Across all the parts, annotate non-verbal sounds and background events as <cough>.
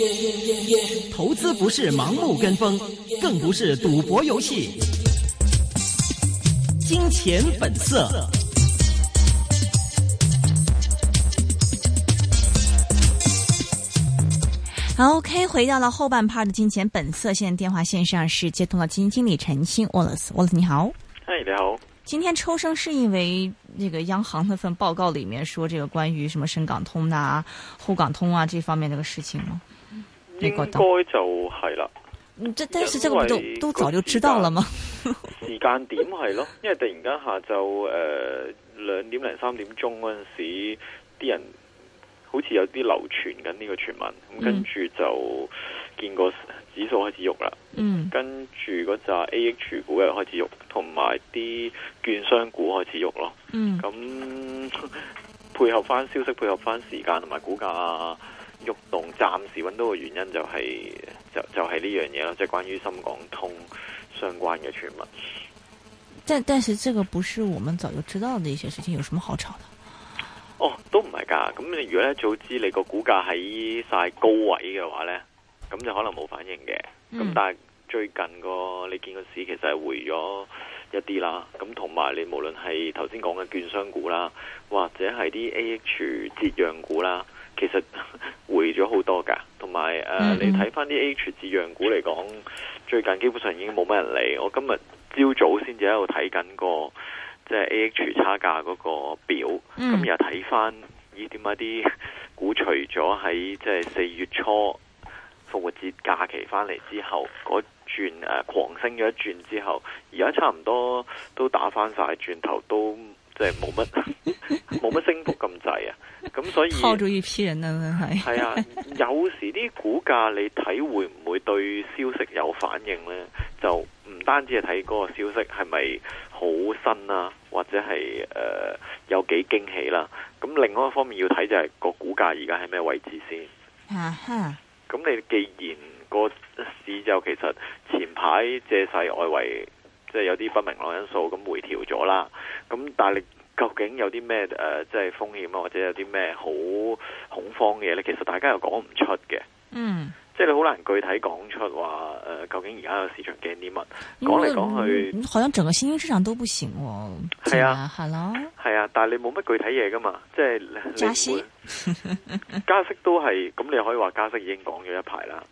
Yeah, yeah, yeah, yeah, 投資不是盲目跟風，更不是賭博遊戲。金錢本色。OK，回到了後半 part 的金錢本色。現在電話線上是接通了基金經理陳昕。Wallace，Wallace 你好。嗨，你好。今天抽升是因為那個央行那份報告裡面說這個關於什麼深港通啊、滬港通啊這方面這個事情嗎？應該就係啦。嗯，但 <laughs> 是這個我都早就知道了嗎？時間點係咯，因為突然間下晝誒，兩點零三點鐘嗰陣時候，啲人好似有啲流傳緊呢個傳聞，咁跟住就見過指數開始喐啦。嗯，跟住嗰扎 A H 股又開始喐，同埋啲券商股開始喐咯。嗯，咁配合翻消息，配合翻時間同埋股價。喐動暫時揾到嘅原因就係、是、就就係呢樣嘢咯，即係關於深港通相關嘅傳聞。但係，但是這個不是我們早就知道的一些事情，有什麼好吵的？哦，都唔係噶，咁你如果一早知你個股價喺晒高位嘅話呢，咁就可能冇反應嘅。咁、嗯、但係最近個你見個市其實係回咗一啲啦，咁同埋你無論係頭先講嘅券商股啦，或者係啲 AH 折讓股啦。其實回咗好多、呃 mm -hmm. 回咗好多噶，同埋誒，你睇翻啲 H 字樣股嚟講，最近基本上已經冇乜人嚟。我今日朝早先至喺度睇緊個即係 A H 差價嗰個表，咁又睇翻呢啲乜啲股，除咗喺即係四月初復活節假期翻嚟之後嗰轉誒、呃、狂升咗一轉之後，而家差唔多都打翻晒轉頭都。即係冇乜冇乜升幅咁滯 <laughs> 啊！咁所以拋咗一批人啦，係啊！有時啲股價你睇會唔會對消息有反應呢？就唔單止係睇嗰個消息係咪好新啊，或者係誒、呃、有幾驚喜啦、啊。咁另外一方面要睇就係個股價而家喺咩位置先。咁、啊、你既然個市就其實前排借勢外圍。即係有啲不明朗因素咁回調咗啦，咁但係你究竟有啲咩、呃、即係風險啊，或者有啲咩好恐慌嘅嘢咧？其實大家又講唔出嘅。嗯，即係你好難具體講出話、呃、究竟而家個市場驚啲乜？講嚟講去，好似整個新興市場都不行喎。係啊，Hello。係啊，但係你冇乜具體嘢㗎嘛？即係加息， <laughs> 加息都係，咁你可以話加息已經講咗一排啦。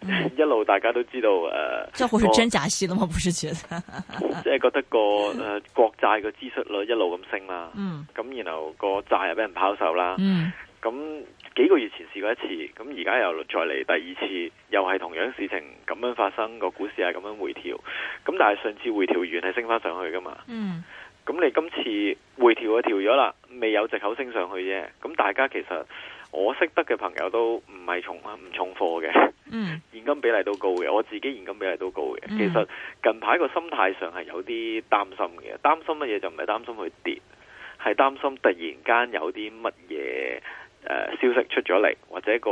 <laughs> 一路大家都知道誒，即係會係真假戲啦嘛，唔係覺得？即 <laughs> 係覺得個誒、呃、國債個支出率一路咁升啦，嗯，咁然後個債又俾人拋售啦，嗯，咁幾個月前試過一次，咁而家又再嚟第二次，又係同樣事情咁樣發生，個股市係咁樣回調，咁但係上次回調完係升翻上去噶嘛，嗯，咁你今次回調啊調咗啦，未有借口升上去啫，咁大家其實我識得嘅朋友都唔係重唔重貨嘅。 <laughs> 嗯，現金比例都高嘅，我自己現金比例都高嘅、嗯。其實近排個心態上係有啲擔心嘅，擔心乜嘢就唔係擔心佢跌，係擔心突然間有啲乜嘢誒消息出咗嚟，或者個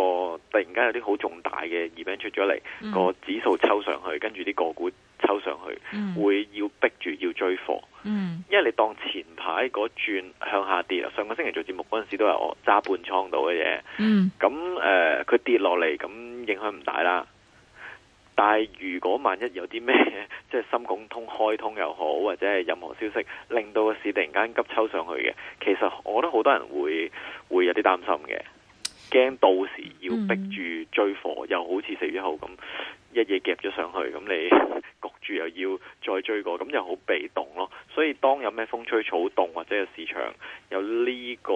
突然間有啲好重大嘅 event 出咗嚟、嗯，個指數抽上去，跟住啲個股抽上去、嗯、會要逼住要追貨、嗯，因為你當前排嗰轉向下跌，上個星期做節目嗰陣時候都係我揸半倉度嘅嘢，咁、嗯、誒，佢、呃、跌落嚟咁影響唔大啦。但係如果萬一有啲咩，即係深港通開通又好，或者係任何消息令到個市突然間急抽上去嘅，其實我覺得好多人會會有啲擔心嘅，驚到時要逼住追貨、嗯，又好似四月一號咁一夜夾咗上去，咁你。又要再追過，咁又好被動咯。所以當有咩風吹草動，或者市場有呢個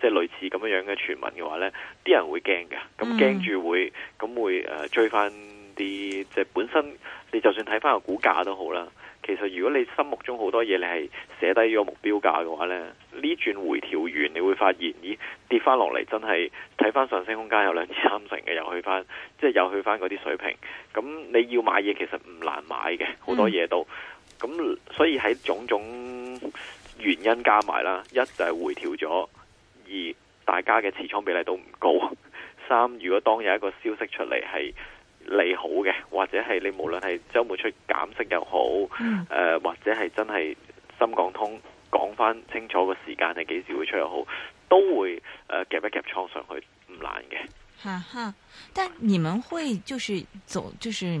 即係類似咁樣樣嘅傳聞嘅話咧，啲人會驚嘅，咁驚住會咁會誒追翻啲，即係本身你就算睇翻個股價都好啦。其實，如果你心目中好多嘢，你係寫低呢個目標價嘅話咧，呢轉回調完，你會發現，咦，跌翻落嚟真係睇翻上升空間有兩至三成嘅，又去翻，即係又去翻嗰啲水平。咁你要買嘢其實唔難買嘅，好多嘢都。咁所以喺種種原因加埋啦，一就係回調咗，二大家嘅持倉比例都唔高，三如果當有一個消息出嚟係。利好嘅，或者係你無論係周末出減息又好、嗯呃，或者係真係深港通講翻清楚個時間係幾時會出又好，都會夾、呃、一夾倉上去唔難嘅。吓哈，但你們會，就是走就是。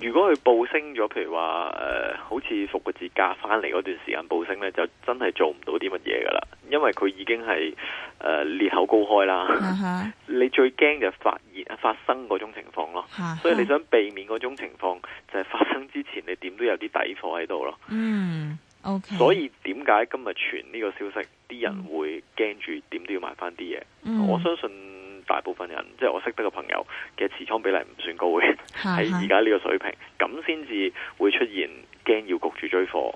如果佢暴升咗，譬如話誒、呃，好似復個節假翻嚟嗰段時間暴升咧，就真係做唔到啲乜嘢噶啦，因為佢已經係誒裂口高開啦。Uh -huh. 你最驚就係發熱發生嗰種情況咯，uh -huh. 所以你想避免嗰種情況，就係、是、發生之前你點都有啲底貨喺度咯。嗯、mm -hmm. Okay. 所以點解今日傳呢個消息，啲人會驚住點都要買翻啲嘢？Mm -hmm. 我相信。大部分人即係我識得嘅朋友嘅持倉比例唔算高嘅，喺而家呢個水平，咁先至會出現驚要焗住追貨，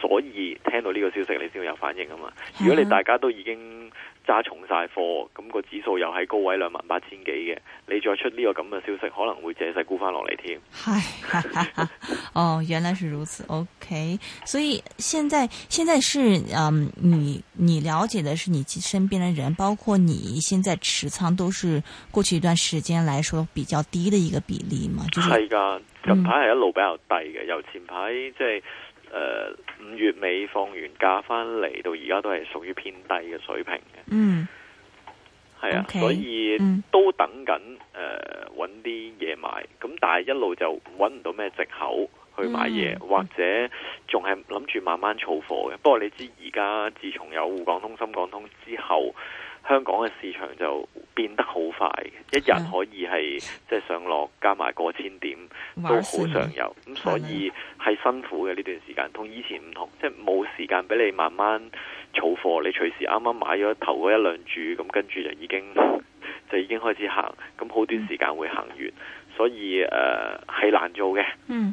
所以聽到呢個消息你先會有反應啊嘛。如果你大家都已經，揸重晒貨，咁、那個指數又喺高位兩萬八千幾嘅，你再出呢個咁嘅消息，可能會借勢沽翻落嚟添。係 <laughs> <laughs> <laughs> 哦，原來是如此。OK，所以現在現在是，嗯、你你了解的是你身邊的人，包括你現在持倉都是過去一段時間來說比較低的一個比例嘛？係、就、噶、是，是的近排係一路比較低嘅、嗯，由前排即係。誒、呃，五月尾放完假返嚟到而家都係屬於偏低嘅水平嘅，嗯，係啊，okay，所以都等緊誒，搵啲嘢買，咁但係一路就搵唔到咩藉口去買嘢，嗯，或者仲係諗住慢慢儲貨嘅。不過你知而家自從有滬港通、深港通之後，香港嘅市場就變得好快，一日可以係即係上落加埋過千點都好常有，咁所以係辛苦嘅呢段時間，同以前唔同，即係冇時間俾你慢慢儲貨，你隨時啱啱買咗頭嗰一兩注，咁跟住就已經就已經開始行，咁好短時間會行完，所以誒係、呃、難做嘅。嗯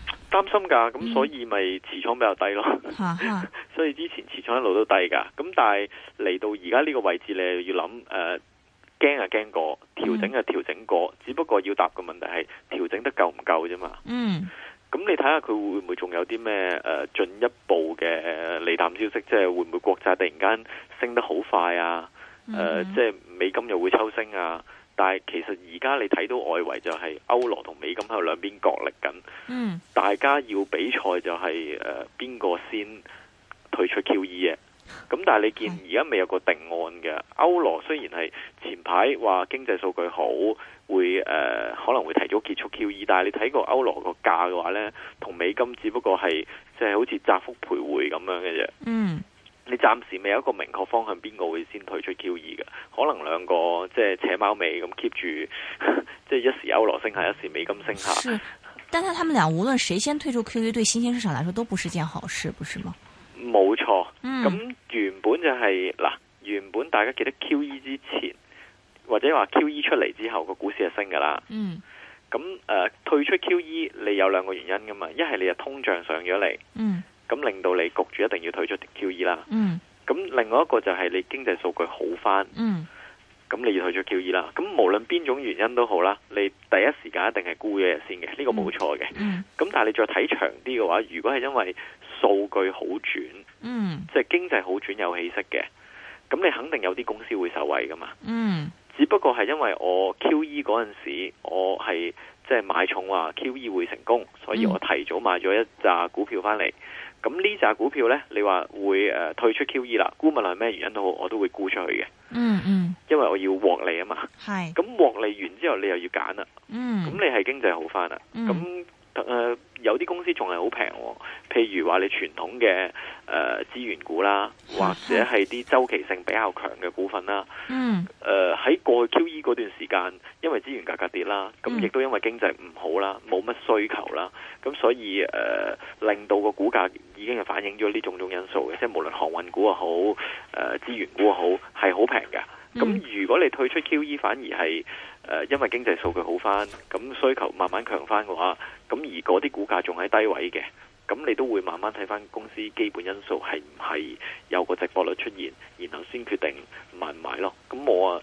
擔心噶，咁所以咪持倉比較低咯。嗯、 <laughs> 所以之前持倉一路都低噶，咁但係嚟到而家呢個位置咧，你要諗誒驚啊驚過，調整啊調整過、嗯，只不過要答個問題係調整得夠唔夠啫嘛。嗯，咁你睇下佢會唔會仲有啲咩誒進一步嘅利淡消息，即、就、係、是、會唔會國債突然間升得好快啊？誒、嗯，即、呃、係、就是、美金又會抽升啊？但係其實而家你睇到外圍就係歐羅同美金喺度兩邊角力緊，大家要比賽就係誒邊個先退出 QE 嘅。咁但係你見而家未有個定案嘅。歐羅雖然係前排話經濟數據好，會誒、呃、可能會提早結束 QE，但係你睇過歐羅個價嘅話呢，同美金只不過係即係好似窄幅徘徊咁樣嘅啫。嗯你暫時未有一個明確方向，邊個會先退出 QE 嘅？可能兩個即係扯貓尾咁 keep 住，即係一時歐羅升下，一時美金升下。是，但係他們倆無論誰先退出 QE，對新興市場來說都不是件好事，不是嗎？冇錯。咁原本就係、是、嗱、嗯，原本大家記得 QE 之前或者話 QE 出嚟之後個股市係升噶啦。嗯。咁誒、呃，退出 QE 你有兩個原因噶嘛？一係你係通脹上咗嚟。嗯。咁令到你焗住一定要退出 QE 啦。嗯。咁另外一個就係你經濟數據好翻。嗯。咁你要退出 QE 啦。咁無論邊種原因都好啦，你第一時間一定係沽嘢先嘅，呢、這個冇錯嘅。咁、嗯、但係你再睇長啲嘅話，如果係因為數據好轉，嗯，即、就、係、是、經濟好轉有起色嘅，咁你肯定有啲公司會受惠噶嘛。嗯。只不過係因為我 QE 嗰陣時，我係即係買重話 QE 會成功，所以我提早買咗一扎股票翻嚟。咁呢紮股票呢，你話會誒、呃、退出 QE 啦，姑勿論係咩原因都好，我都會沽出去嘅。嗯嗯，因為我要獲利啊嘛。係。咁獲利完之後，你又要揀啦。嗯。咁你係經濟好返啦。嗯誒、呃，有啲公司仲係好平，譬如話你傳統嘅誒資源股啦，或者係啲周期性比較強嘅股份啦。嗯，誒、呃、喺過去 QE 嗰段時間，因為資源價格跌啦，咁亦都因為經濟唔好啦，冇乜需求啦，咁所以誒、呃、令到個股價已經係反映咗呢種種因素嘅，即係無論航運股又好，誒、呃、資源股又好，係好平嘅。咁如果你退出 QE 反而係誒、呃，因為經濟數據好翻，咁需求慢慢強翻嘅話，咁而嗰啲股價仲喺低位嘅，咁你都會慢慢睇翻公司基本因素係唔係有個值博率出現，然後先決定買唔買咯。咁我啊，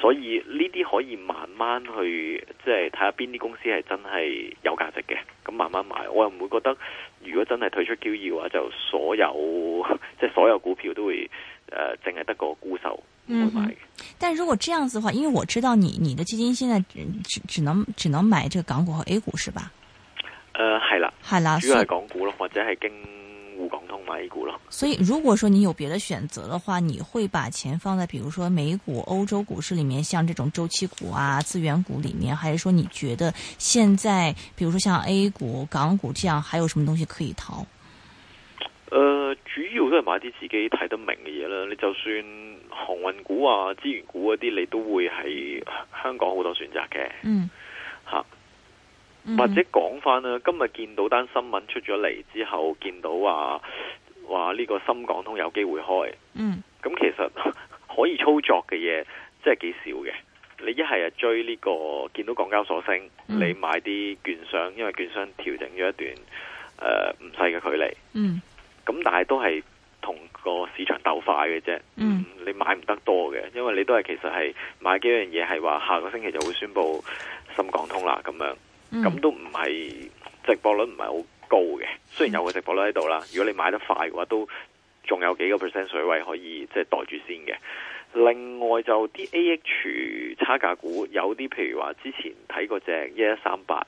所以呢啲可以慢慢去即係睇下邊啲公司係真係有價值嘅，咁慢慢買。我又唔會覺得如果真係退出 QE 嘅話，就所有即係、就是、所有股票都會。呃淨係得個沽售會買、嗯、但如果這樣子的話，因為我知道你你的基金現在只只能只能買這個港股和 A 股，是吧？呃係啦，係啦，主要係港股咯，或者係經滬港通買 A 股咯。所以，所以如果說你有別的選擇的話，你會把錢放在，比如說美股、歐洲股市裏面，像這種周期股啊、資源股裏面，還是說你覺得現在，比如說像 A 股、港股這樣，還有什麼東西可以淘？誒、呃，主要都係買啲自己睇得明嘅嘢啦。你就算航運股啊、資源股嗰啲，你都會喺香港好多選擇嘅。嗯，吓、啊，或者講翻啦，今日見到單新聞出咗嚟之後，見到話話呢個深港通有機會開。嗯，咁其實呵呵可以操作嘅嘢真係幾少嘅。你一係啊追呢、這個見到港交所升，嗯、你買啲券商，因為券商調整咗一段誒唔細嘅距離。嗯。咁但係都係同個市場鬥快嘅啫、嗯，你買唔得多嘅，因為你都係其實係買幾樣嘢，係話下個星期就會宣布深港通啦，咁樣，咁、嗯、都唔係直播率唔係好高嘅，雖然有個直播率喺度啦，如果你買得快嘅話，都仲有幾個 percent 水位可以即係袋住先嘅。另外就啲 A H 差價股，有啲譬如話之前睇過隻一一三八，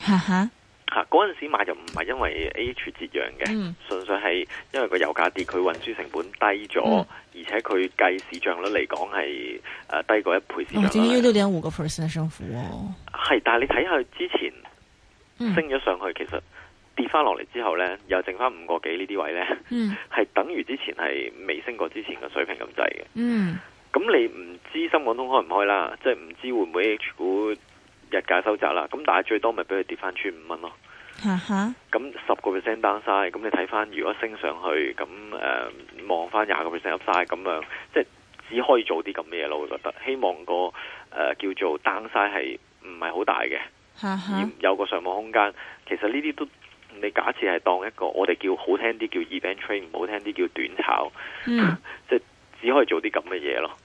哈哈。嗰、啊、陣時買就唔係因為 H 折讓嘅，純、嗯、粹，係因為個油價跌，佢運輸成本低咗、嗯，而且佢計市漲率嚟講係誒低過一倍市漲。哦，今年要六點五個 percent 升幅、哦、係、嗯、但係你睇下之前升咗上去，其實跌翻落嚟之後咧，又剩翻五個幾呢啲位咧，係、嗯、等於之前係未升過之前嘅水平咁滯嘅。嗯，咁你唔知深港通開唔開啦，即係唔知會唔會 H 股日價收窄啦，咁但係最多咪俾佢跌翻千五蚊咯。嚇，咁十個 percent down side，咁你睇翻如果升上去，咁誒望翻廿個 percent up side，咁樣即係只可以做啲咁嘅嘢咯。我覺得希望、個誒、呃、叫做 down side 係唔係好大嘅，嚇、嗯、嚇，而有個上網空間。其實呢啲都你假設係當一個我哋叫好聽啲叫 event trade，唔好聽啲叫短炒，嗯、即係只可以做啲咁嘅嘢咯。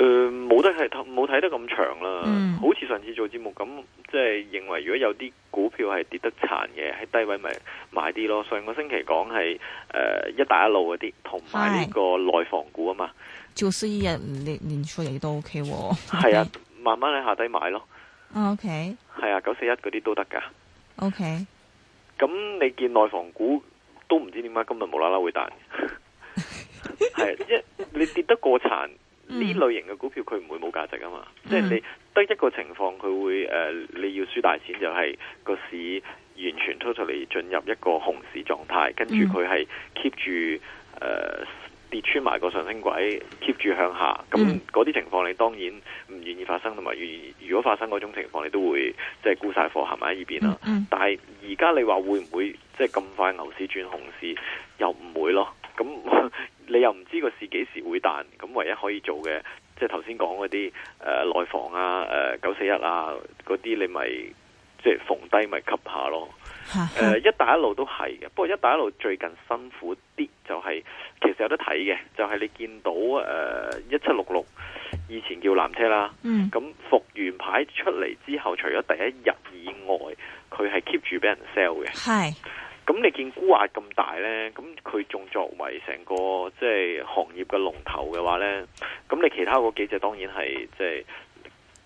誒、呃，冇得係冇睇得咁長啦，嗯、好似上次做節目咁，即係認為如果有啲股票係跌得殘嘅，喺低位咪買啲咯。上個星期講係誒一帶一路嗰啲，同埋呢個內房股啊嘛。九四一年年初嚟，都 OK、哦。係啊，慢慢喺下低買咯。O、okay. K。係啊，九四一嗰啲都得噶。O K。咁你見內房股都唔知點解今日無啦啦會彈？係， <laughs> 一你跌得過殘呢、嗯、類型嘅股票佢唔會冇價值啊嘛，嗯、即係你得一個情況佢會誒，uh, 你要輸大錢就係個市完全 totally 進入一個熊市狀態、嗯，跟住佢係 keep 住誒、uh, 跌穿埋個上升軌，keep 住向下，咁嗰啲情況你當然唔願意發生，同埋願意如果發生嗰種情況你都會即係沽曬貨，行埋喺呢邊喇。但係而家你話會唔會即係咁快牛市轉熊市又唔會咯？咁。 <laughs> 你又唔知個市幾時會彈，咁唯一可以做嘅，即係頭先講嗰啲，誒、呃、內房啊、誒九四一啊嗰啲，你咪即係逢低咪吸下咯。哈哈呃、一帶一路都係嘅，不過一帶一路最近辛苦啲、就係，就係其實有得睇嘅，就係、係、你見到誒一七六六以前叫南車啦，咁復完牌出嚟之後，除咗第一日以外，佢係 keep 住俾人 sell 嘅。咁你見沽壓咁大呢，咁佢仲作為成個即係、就是、行業嘅龍頭嘅話呢，咁你其他嗰幾隻當然係即係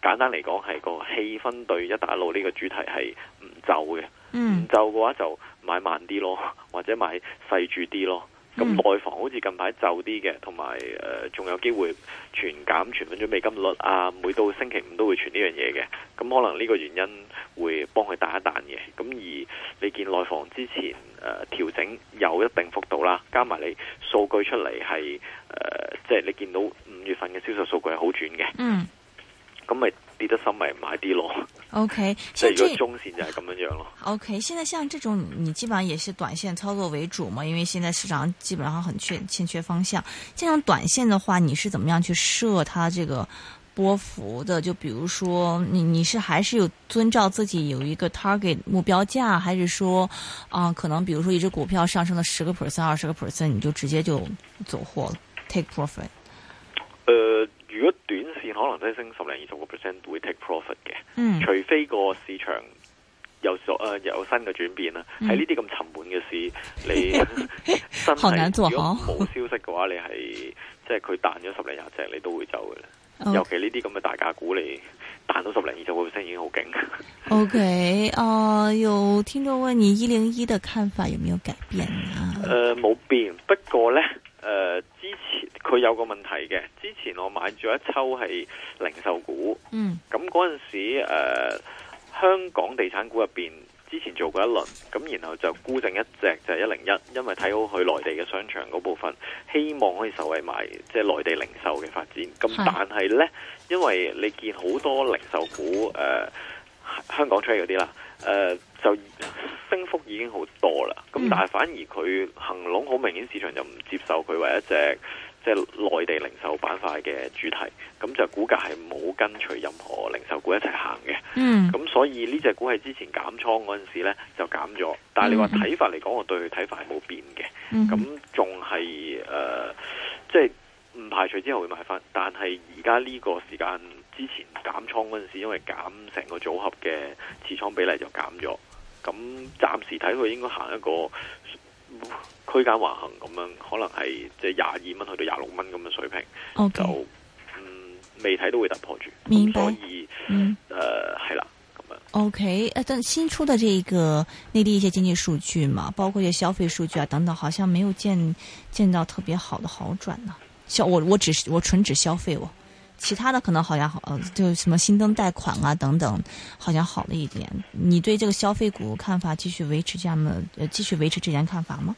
簡單嚟講係個氣氛對一帶一路呢個主題係唔就嘅，唔就嘅話就買慢啲咯，或者買細住啲咯。咁內房好似近排就啲嘅，同埋誒仲有機會全減存款準備金率啊！每到星期五都會傳呢樣嘢嘅，咁可能呢個原因會幫佢彈一彈嘅。咁而你見內房之前誒、呃、調整有一定幅度啦，加埋你數據出嚟係誒，即、呃、係、就是、你見到五月份嘅銷售數據係好轉嘅。嗯，咁咪。跌得深咪買啲咯。O K，即係中線就係咁樣樣咯。O、okay, K，現在像這種你基本上也是短線操作為主嘛？因為現在市場基本上很缺欠缺方向。這種短線的話，你是怎麼樣去設它這個波幅的？就比如說，你你是還是有遵照自己有一個 target 目標價，還是說，啊、呃，可能比如說一隻股票上升了十個 percent、二十個 percent，你就直接就走貨了，take profit。呃。可能都升十零二十個 percent 會 take profit 嘅。嗯，除非個市場有誒、呃、有新嘅轉變啦。喺呢啲咁沉悶嘅事，你 <laughs> 好難做好。冇消息嘅話，你係即係佢彈咗十零廿隻，你都會走嘅啦，okay.。尤其呢啲咁嘅大價股你彈到十零二十個 percent 已經好勁。OK，啊、呃，有聽眾問你一零一嘅看法有冇改變啊？誒、呃，冇變，不過咧。誒、呃，之前佢有個問題嘅，之前我買咗一抽係零售股，嗯，咁、嗯、嗰陣時誒、呃，香港地產股入邊之前做過一輪，咁然後就沽剩一隻就係一零一，因為睇好佢內地嘅商場嗰部分，希望可以受惠埋即係內地零售嘅發展。咁但係咧，因為你見好多零售股誒、呃，香港 trade 嗰啲啦，誒、呃。就升幅已經好多啦，咁、嗯、但係反而佢恒隆好明顯，市場就唔接受佢為一隻即係內地零售板塊嘅主題，咁就股價係冇跟隨任何零售股一齊行嘅。咁、嗯、所以呢隻股係之前減倉嗰陣時呢就減咗，但係你話睇法嚟講，我對佢睇法係冇變嘅。咁仲係誒，即係唔排除之後會買翻，但係而家呢個時間之前減倉嗰陣時，因為減成個組合嘅持倉比例就減咗。咁暫時睇佢應該行一個區間橫行咁樣，可能係即係廿二蚊去到廿六蚊咁嘅水平，okay. 就嗯未睇都會突破住。明白，所以嗯誒係、呃、啦，咁樣。O K，誒但新出的呢、這個內地一些經濟數據嘛，包括一些消費數據啊等等，好像沒有見見到特別好的好轉啊。消我我只我純指消費喎、啊。其他的可能好像好，就什麼新增貸款啊等等，好像好了一點。你對這個消費股看法繼續維持這樣嘅，繼續維持這樣看法嗎？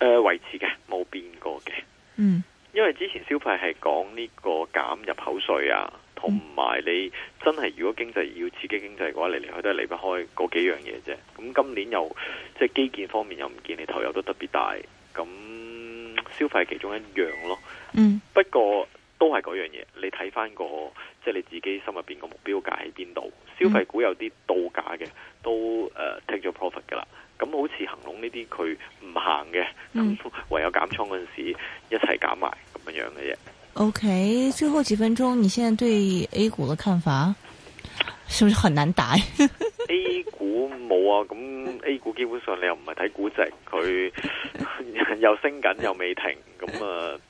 誒、呃，維持嘅，冇變過嘅。嗯。因為之前消費係講呢個減入口稅啊，同埋你真係如果經濟要刺激經濟嘅話，嚟嚟去都係離不開嗰幾樣嘢啫。咁、嗯、今年又即係基建方面又唔見你投入都特別大，咁消費係其中一樣咯。嗯。不過。都係嗰樣嘢，你睇翻個即係你自己心入邊個目標價喺邊度？消費股有啲倒價嘅、嗯，都誒、uh, take 咗 profit 噶啦。咁好似恒隆呢啲，佢唔行嘅，咁唯有減倉嗰陣時候一齊減埋咁樣樣嘅嘢。OK，最後幾分鐘，你現在對 A 股嘅看法，是不是很難答 <laughs> ？A 股冇啊，咁 A 股基本上你又唔係睇估值，佢又升緊又未停，咁啊。Uh,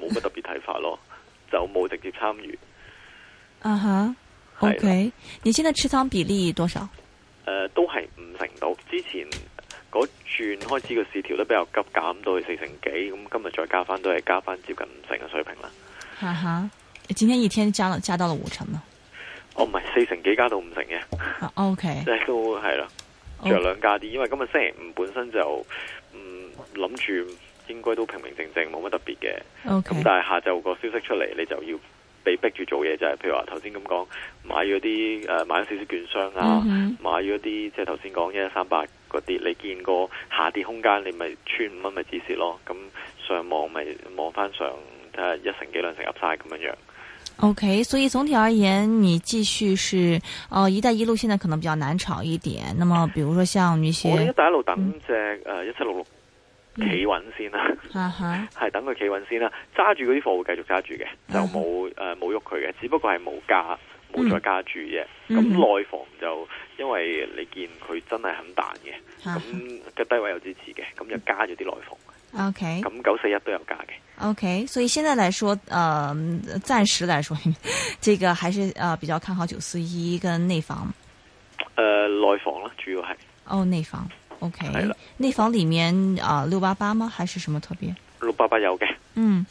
冇 <laughs> 乜特別睇法咯，就冇直接參與。啊吓 OK 你現在持倉比例多少？誒、呃，都係五成度。之前嗰轉開始個市調都比較急，減到去四成幾，咁今日再加翻，都係加翻接近五成嘅水平啦。啊哈，今天一天加了加到了五成啊！哦，唔係四成幾加到五成嘅。Uh -huh. OK，即 <laughs> 係都係咯，着兩加啲，因為今日星期五本身就嗯諗住。應該都平平靜靜，冇乜特別嘅。咁、okay. 嗯、但係下晝個消息出嚟，你就要被逼住做嘢，就係、是、譬如話頭先咁講，買咗啲誒，買咗少少券商啊，mm -hmm. 買咗啲即係頭先講一三八嗰啲，你見過下跌空間，你咪穿五蚊咪止蝕咯。咁、嗯、上望咪望翻上，睇一成幾兩成 Up 晒咁樣樣。O、okay. K，所以總體而言，你繼續是哦、呃，一帶一路現在可能比較難炒一點。那麼，比如說像女些，我哋一帶一路等隻誒一七六六。嗯呃企、嗯、穩先啦，係、啊、 <laughs> 等佢企穩先啦，揸住嗰啲貨會繼續揸住嘅，就冇誒冇喐佢嘅，只不過係冇加冇、嗯、再加住嘅。咁、嗯、內房就因為你見佢真係很彈嘅，咁、啊、嘅低位有支持嘅，咁、啊、就加咗啲內房。O K，咁九四一都有加嘅。O、okay, K，所以現在嚟說，誒、呃，暫時嚟說，呢、這個還是誒、呃、比較看好九四一跟內房。誒、呃，內房啦，主要係。哦，內房。O K，內房裏面啊六八八嗎？還是什麼特別？六八八有嘅，嗯，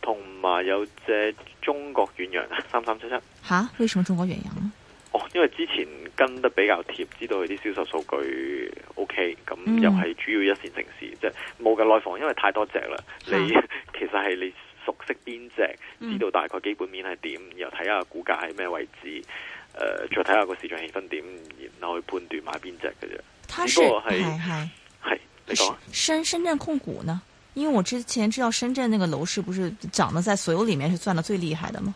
同埋有隻中國遠洋三三七七。吓，為什麼中國遠洋？哦，因為之前跟得比較貼，知道佢啲銷售數據 O K，咁又係主要一線城市，嗯、即係冇嘅內房，因為太多隻啦。你其實係你熟悉邊隻，知道大概基本面係點、嗯，然後睇下股價喺咩位置，呃、再睇下個市場氣氛點，然後去判斷買邊隻嘅啫。他是是是是，你說。深深圳控股呢？因為我之前知道深圳那個樓市不是漲得在所有裏面是賺得最厲害的嗎？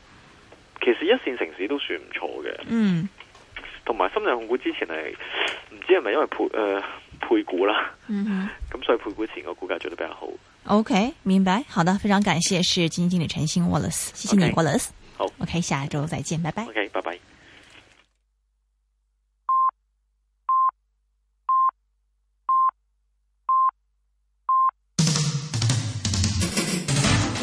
其實一線城市都算唔錯嘅。嗯。同埋深圳控股之前係唔知係咪因為配呃配股啦？嗯。咁所以配股前個股價做得比較好。OK，明白。好的，非常感謝，是基金經理陳昕 Wallace，謝謝你 okay, Wallace。好，OK，下周再見，拜拜。OK，拜拜。